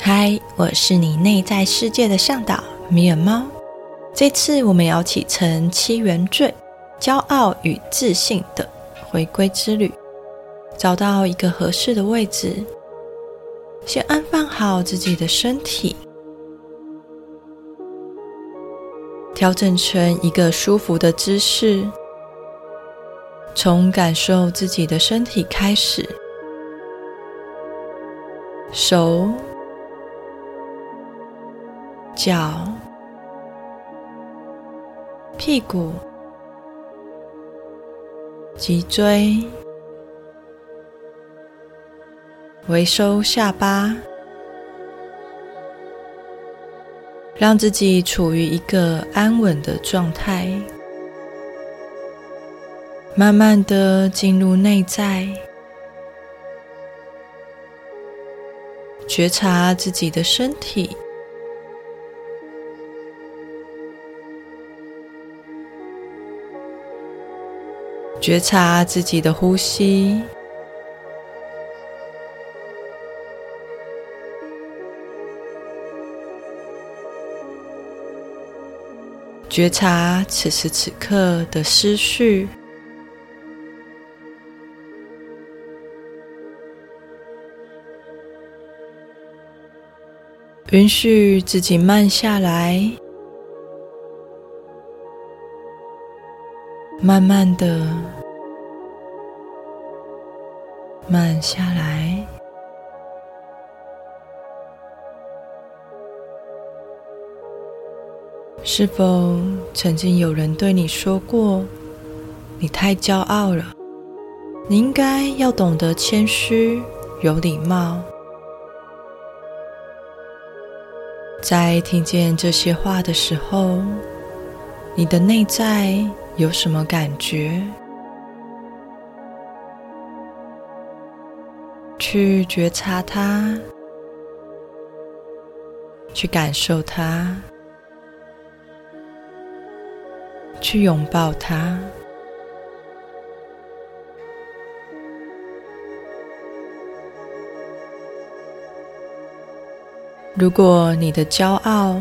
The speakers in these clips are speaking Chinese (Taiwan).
嗨，Hi, 我是你內在世界的向導米爾貓。這次我們要啟程七原罪——驕傲與自信的回歸之旅。找到一個合適的位置，先安放好自己的身體，調整成一個舒服的姿勢，從感受自己的身體開始，手。腳、屁股、脊椎，微收下巴，讓自己處於一個安穩的狀態，慢慢的進入內在，覺察自己的身體。覺察自己的呼吸，覺察此時此刻的思緒，允許自己慢下來。慢慢的慢下來，是否曾經有人對你說過：“你太驕傲了，你應該要懂得謙虛、有禮貌？”在聽見這些話的時候，你的內在有什麼感覺？去覺察它，去感受它，去擁抱它。如果你的驕傲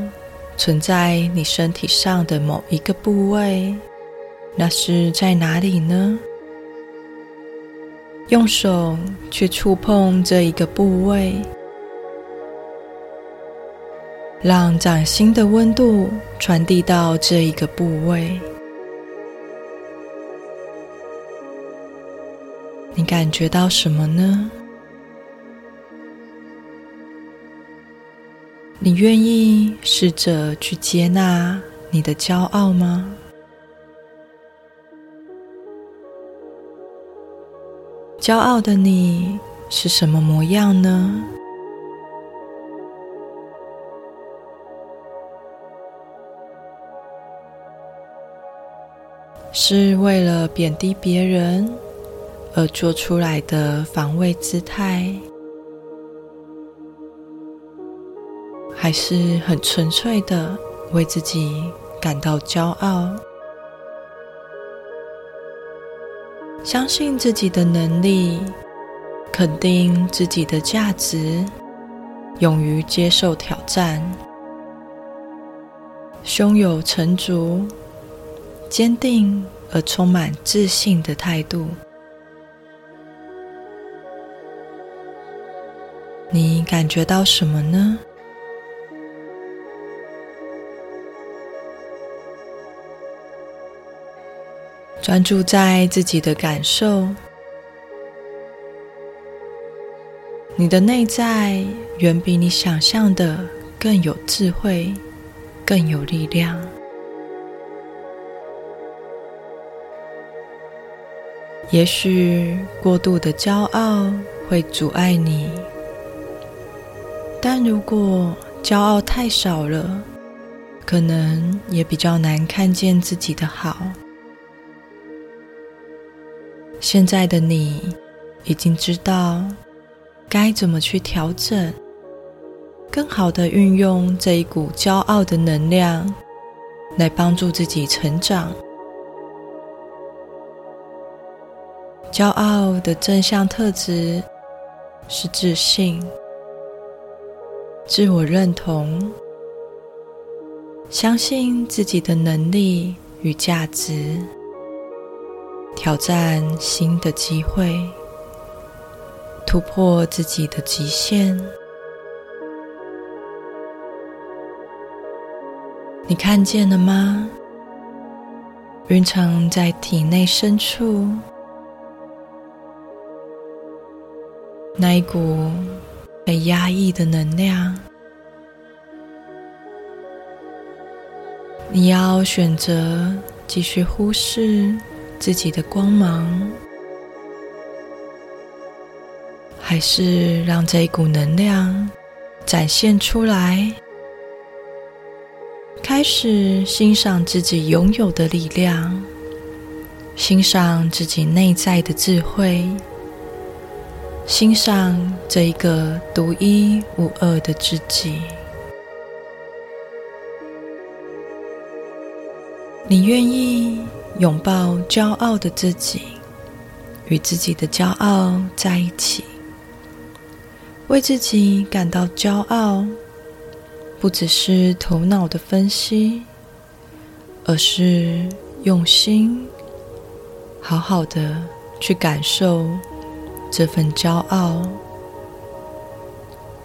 存在你身體上的某一個部位，那是在哪裡呢？用手去觸碰這一個部位，讓掌心的溫度傳遞到這一個部位。你感覺到什麼呢？你願意試着去接納你的驕傲嗎？驕傲的你是什麼模樣呢？是為了貶低別人而做出來的防衛姿態？還是很純粹的為自己感到驕傲？相信自己的能力，肯定自己的價值，勇於接受挑戰，胸有成竹，堅定而充滿自信的態度。你感覺到什麼呢？專注在自己的感受，你的內在遠比你想象的更有智慧，更有力量。也許過度的驕傲會阻礙你，但如果驕傲太少了，可能也比較難看見自己的好。現在的你已經知道該怎麼去調整，更好的運用這一股驕傲的能量，來幫助自己成長。驕傲的正向特質是自信、自我認同、相信自己的能力與價值。挑戰新的機會，突破自己的極限。你看見了嗎？蘊藏在體內深處那一股被壓抑的能量，你要選擇繼續忽視。自己的光芒，還是讓這一股能量展現出來，開始欣賞自己擁有的力量，欣賞自己內在的智慧，欣賞這一個獨一無二的自己。你願意？擁抱驕傲的自己，與自己的驕傲在一起，為自己感到驕傲，不只是頭腦的分析，而是用心好好的去感受這份驕傲，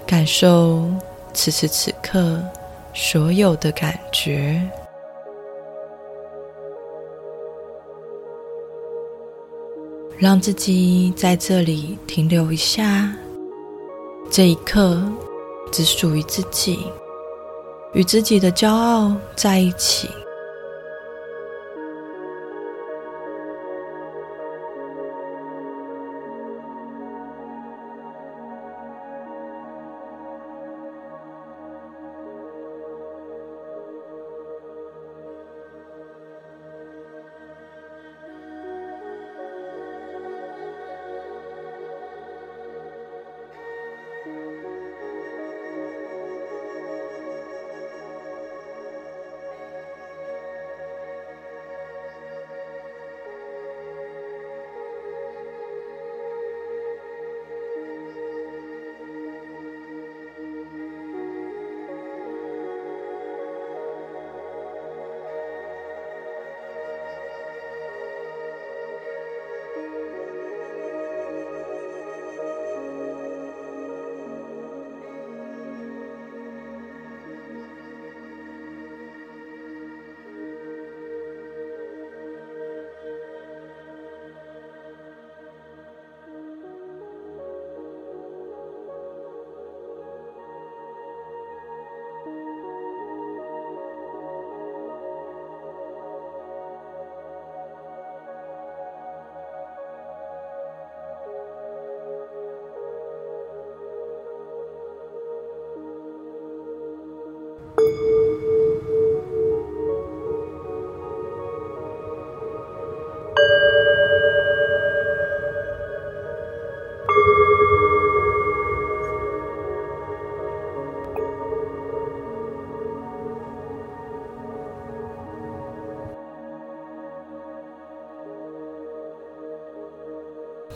感受此時此刻所有的感覺。讓自己在這裡停留一下，這一刻只屬於自己，與自己的驕傲在一起。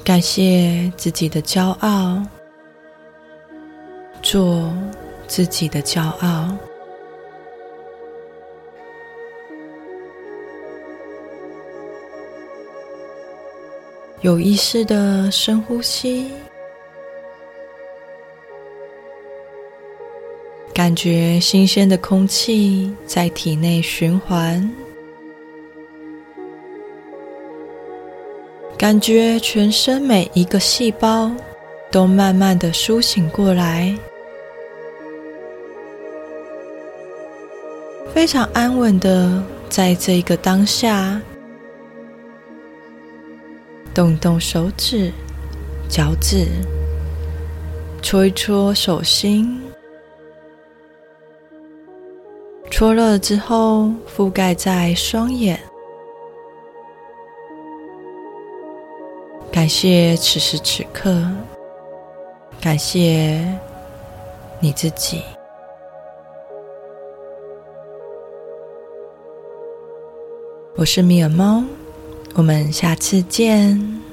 感謝自己的驕傲，做自己的驕傲。有意識的深呼吸，感覺新鮮的空氣在體內循環。感覺全身每一個細胞都慢慢的甦醒過來，非常安穩的在這一個當下，動動手指、腳趾，搓一搓手心，搓熱了之後覆蓋在雙眼。感謝此時此刻，感謝你自己。我是米爾貓，我們下次見。